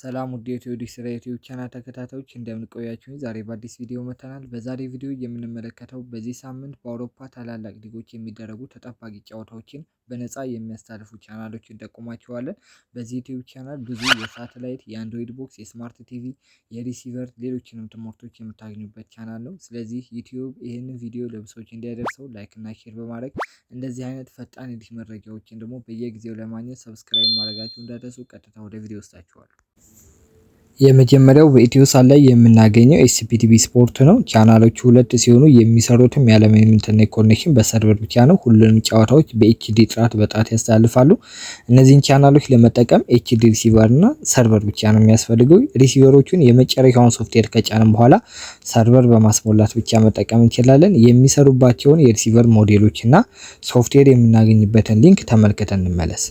ሰላም ውድ የኢትዮዲሽ ስራ ዩቲዩብ ቻናል ተከታታዮች እንደምንቆያችሁኝ ዛሬ በአዲስ ቪዲዮ መተናል። በዛሬ ቪዲዮ የምንመለከተው በዚህ ሳምንት በአውሮፓ ታላላቅ ሊጎች የሚደረጉ ተጠባቂ ጨዋታዎችን በነፃ የሚያስተላልፉ ቻናሎች እንጠቁማችኋለን። በዚህ ዩቲዩብ ቻናል ብዙ የሳተላይት፣ የአንድሮይድ ቦክስ፣ የስማርት ቲቪ፣ የሪሲቨር ሌሎችንም ትምህርቶች የምታገኙበት ቻናል ነው። ስለዚህ ዩቲዩብ ይህን ቪዲዮ ለብሶች እንዲያደርሰው ላይክ እና ሼር በማድረግ እንደዚህ አይነት ፈጣን የዲሽ መረጃዎችን ደግሞ በየጊዜው ለማግኘት ሰብስክራይብ ማድረጋችሁ እንዳደረሱ ቀጥታ ወደ ቪዲዮ ወስዳችኋል። የመጀመሪያው በኢትዮሳት ላይ የምናገኘው ኤስፒቲቪ ስፖርት ነው። ቻናሎቹ ሁለት ሲሆኑ የሚሰሩትም ያለምንም ኢንተርኔት ኮኔክሽን በሰርቨር ብቻ ነው። ሁሉንም ጨዋታዎች በኤችዲ ጥራት በጣት ያስተላልፋሉ። እነዚህን ቻናሎች ለመጠቀም ኤችዲ ሪሲቨር እና ሰርቨር ብቻ ነው የሚያስፈልገው። ሪሲቨሮቹን የመጨረሻውን ሶፍትዌር ከጫንም በኋላ ሰርቨር በማስሞላት ብቻ መጠቀም እንችላለን። የሚሰሩባቸውን የሪሲቨር ሞዴሎች እና ሶፍትዌር የምናገኝበትን ሊንክ ተመልክተን እንመለስ።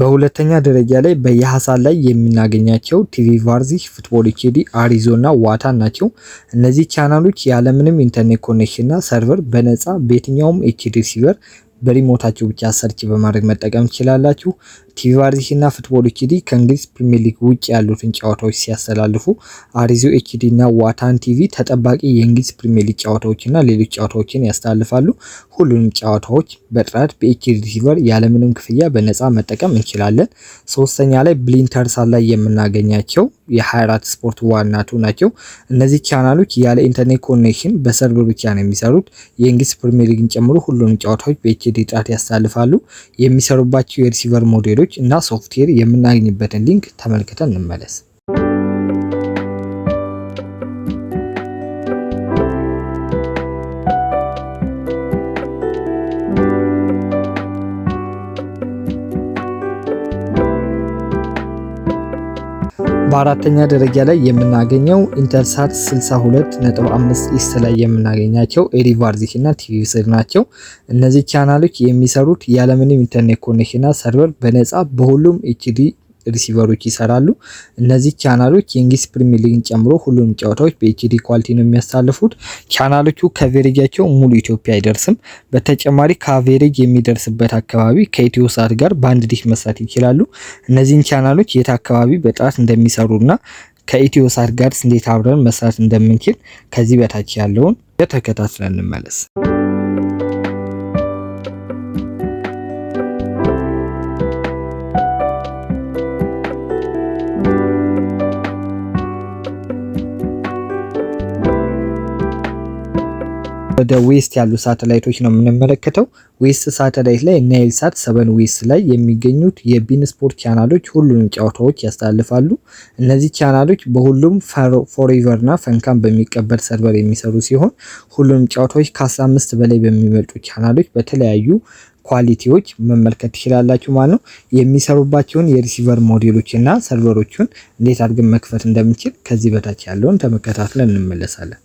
በሁለተኛ ደረጃ ላይ በየሀሳል ላይ የምናገኛቸው ቲቪ ቫርዚ፣ ፉትቦል ኬዲ፣ አሪዞና ዋታ ናቸው። እነዚህ ቻናሎች ያለምንም ኢንተርኔት ኮኔክሽንና ሰርቨር በነፃ በየትኛውም ኤችዲ ሲቨር በሪሞታችሁ ብቻ ሰርች በማድረግ መጠቀም ትችላላችሁ። ቲቪ ቫርዚሽ እና ፉትቦል ኤችዲ ከእንግሊዝ ፕሪሚየር ሊግ ውጭ ያሉትን ጨዋታዎች ሲያስተላልፉ፣ አሪዚዮ ኤችዲ እና ዋታን ቲቪ ተጠባቂ የእንግሊዝ ፕሪሚየር ሊግ ጨዋታዎች እና ሌሎች ጨዋታዎችን ያስተላልፋሉ። ሁሉንም ጨዋታዎች በጥራት በኤችዲ ሪሲቨር ያለምንም ክፍያ በነፃ መጠቀም እንችላለን። ሶስተኛ ላይ ብሊንተርሳት ላይ የምናገኛቸው የ24 ስፖርት ዋናቱ ናቸው። እነዚህ ቻናሎች ያለ ኢንተርኔት ኮኔክሽን በሰርቨር ብቻ ነው የሚሰሩት። የእንግሊዝ ፕሪሚየር ሊግን ጨምሮ ሁሉንም ጨዋታዎች በኤችዲ ኬዲ ጥራት ያሳልፋሉ። የሚሰሩባቸው የሪሲቨር ሞዴሎች እና ሶፍትዌር የምናገኝበትን ሊንክ ተመልክተን እንመለስ። በአራተኛ ደረጃ ላይ የምናገኘው ኢንተልሳት 5 ኢስት ላይ የምናገኛቸው ኤሪቫርዚሽ እና ቲቪስር ናቸው። እነዚህ ቻናሎች የሚሰሩት ያለምንም ኢንተርኔት ኮኔክሽንና ሰርቨር በነፃ በሁሉም ኤችዲ ሪሲቨሮች ይሰራሉ። እነዚህ ቻናሎች የእንግሊዝ ፕሪሚየር ሊግን ጨምሮ ሁሉንም ጨዋታዎች በኤችዲ ኳሊቲ ነው የሚያሳልፉት። ቻናሎቹ ከቬሬጃቸው ሙሉ ኢትዮጵያ አይደርስም። በተጨማሪ ከቬሬጅ የሚደርስበት አካባቢ ከኢትዮ ሳት ጋር በአንድ ዲሽ መስራት ይችላሉ። እነዚህን ቻናሎች የት አካባቢ በጥራት እንደሚሰሩና ከኢትዮ ሳት ጋር እንዴት አብረን መስራት እንደምንችል ከዚህ በታች ያለውን ተከታትለን እንመለስ። ወደ ዌስት ያሉ ሳተላይቶች ነው የምንመለከተው። ዌስት ሳተላይት ላይ እና ኤልሳት ሰበን ዌስት ላይ የሚገኙት የቢን ስፖርት ቻናሎች ሁሉንም ጨዋታዎች ያስተላልፋሉ። እነዚህ ቻናሎች በሁሉም ፎሬቨር እና ፈንካም በሚቀበል ሰርቨር የሚሰሩ ሲሆን ሁሉንም ጨዋታዎች ከ15 በላይ በሚበልጡ ቻናሎች በተለያዩ ኳሊቲዎች መመልከት ትችላላችሁ ማለት ነው። የሚሰሩባቸውን የሪሲቨር ሞዴሎች እና ሰርቨሮቹን እንዴት አድርገን መክፈት እንደምንችል ከዚህ በታች ያለውን ተመከታትለን እንመለሳለን።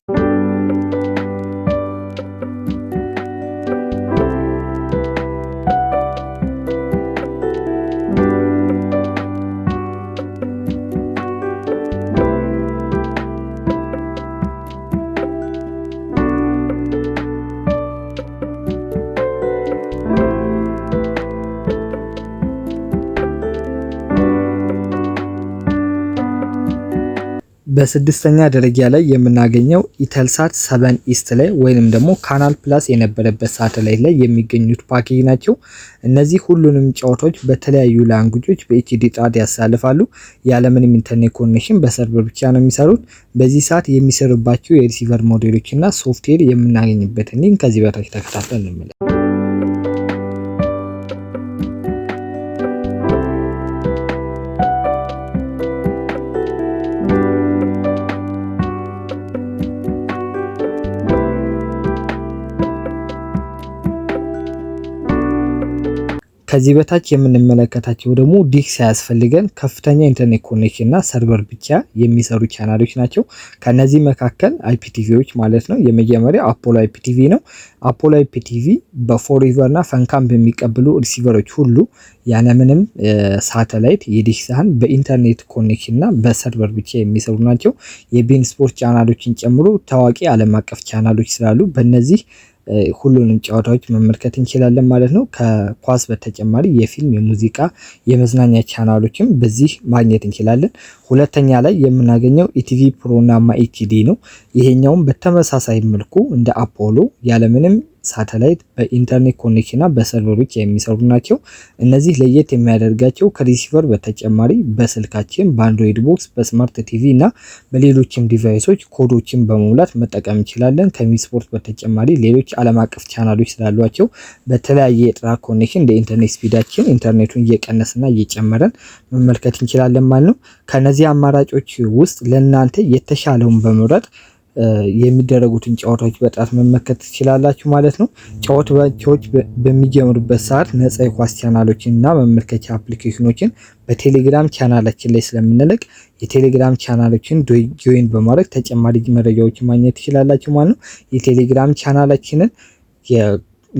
በስድስተኛ ደረጃ ላይ የምናገኘው ኢተልሳት ሰበን ኢስት ላይ ወይንም ደግሞ ካናል ፕላስ የነበረበት ሳተላይት ላይ የሚገኙት ፓኬጅ ናቸው። እነዚህ ሁሉንም ጨዋታዎች በተለያዩ ላንጉጆች በኤችዲ ጥራት ያሳልፋሉ። ያለምንም ኢንተርኔት ኮኔክሽን በሰርቨር ብቻ ነው የሚሰሩት። በዚህ ሰዓት የሚሰሩባቸው የሪሲቨር ሞዴሎች እና ሶፍትዌር የምናገኝበትን ሊንክ ከዚህ በታች ተከታተል እንመለ ከዚህ በታች የምንመለከታቸው ደግሞ ዲሽ ሳያስፈልገን ከፍተኛ ኢንተርኔት ኮኔክሽን እና ሰርቨር ብቻ የሚሰሩ ቻናሎች ናቸው። ከነዚህ መካከል አይፒቲቪዎች ማለት ነው። የመጀመሪያው አፖሎ አይፒቲቪ ነው። አፖሎ አይፒቲቪ በፎሪቨር እና ፈንካም በሚቀብሉ ሪሲቨሮች ሁሉ ያለምንም ሳተላይት የዲሽ ሳህን በኢንተርኔት ኮኔክሽን እና በሰርቨር ብቻ የሚሰሩ ናቸው። የቢን ስፖርት ቻናሎችን ጨምሮ ታዋቂ ዓለም አቀፍ ቻናሎች ስላሉ በነዚህ ሁሉንም ጨዋታዎች መመልከት እንችላለን ማለት ነው። ከኳስ በተጨማሪ የፊልም፣ የሙዚቃ፣ የመዝናኛ ቻናሎችም በዚህ ማግኘት እንችላለን። ሁለተኛ ላይ የምናገኘው ኢቲቪ ፕሮና ማኢቲዲ ነው። ይሄኛውም በተመሳሳይ መልኩ እንደ አፖሎ ያለምንም ሳተላይት በኢንተርኔት ኮኔክሽን እና በሰርቨሮች የሚሰሩ ናቸው። እነዚህ ለየት የሚያደርጋቸው ከሪሲቨር በተጨማሪ በስልካችን በአንድሮይድ ቦክስ፣ በስማርት ቲቪ እና በሌሎችም ዲቫይሶች ኮዶችን በመሙላት መጠቀም እንችላለን። ከሚስፖርት በተጨማሪ ሌሎች ዓለም አቀፍ ቻናሎች ስላሏቸው በተለያየ የጥራት ኮኔክሽን ለኢንተርኔት ስፒዳችን ኢንተርኔቱን እየቀነስና እየጨመረን መመልከት እንችላለን ማለት ነው። ከነዚህ አማራጮች ውስጥ ለእናንተ የተሻለውን በመምረጥ የሚደረጉትን ጨዋታዎች በጣት መመከት ትችላላችሁ ማለት ነው። ጨዋታዎች በሚጀምሩበት ሰዓት ነጻ የኳስ ቻናሎችን እና መመልከቻ አፕሊኬሽኖችን በቴሌግራም ቻናላችን ላይ ስለምንለቅ የቴሌግራም ቻናሎችን ጆይን በማድረግ ተጨማሪ መረጃዎችን ማግኘት ትችላላችሁ ማለት ነው። የቴሌግራም ቻናላችንን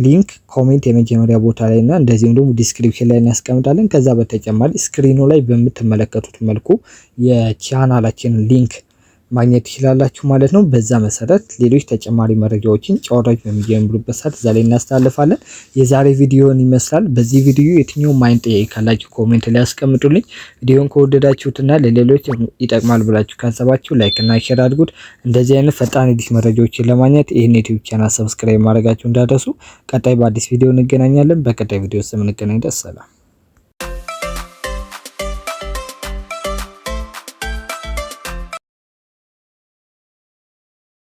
ሊንክ ኮሜንት የመጀመሪያ ቦታ ላይ እና እንደዚሁም ደግሞ ዲስክሪፕሽን ላይ እናስቀምጣለን። ከዛ በተጨማሪ ስክሪኑ ላይ በምትመለከቱት መልኩ የቻናላችንን ሊንክ ማግኘት ትችላላችሁ ማለት ነው። በዛ መሰረት ሌሎች ተጨማሪ መረጃዎችን ጨዋታዎች በሚጀምሩበት ሰዓት እዛ ላይ እናስተላልፋለን። የዛሬ ቪዲዮን ይመስላል። በዚህ ቪዲዮ የትኛው ማይን ጥያቄ ካላችሁ ኮሜንት ላይ ያስቀምጡልኝ። ቪዲዮን ከወደዳችሁትና ለሌሎች ይጠቅማል ብላችሁ ካሰባችሁ ላይክ እና ሼር አድርጉት። እንደዚህ አይነት ፈጣን አዲስ መረጃዎችን ለማግኘት ይህን ዩቲዩብ ቻናል ሰብስክራይብ ማድረጋችሁ እንዳደሱ። ቀጣይ በአዲስ ቪዲዮ እንገናኛለን። በቀጣይ ቪዲዮ ስምንገናኝ ደስ ሰላም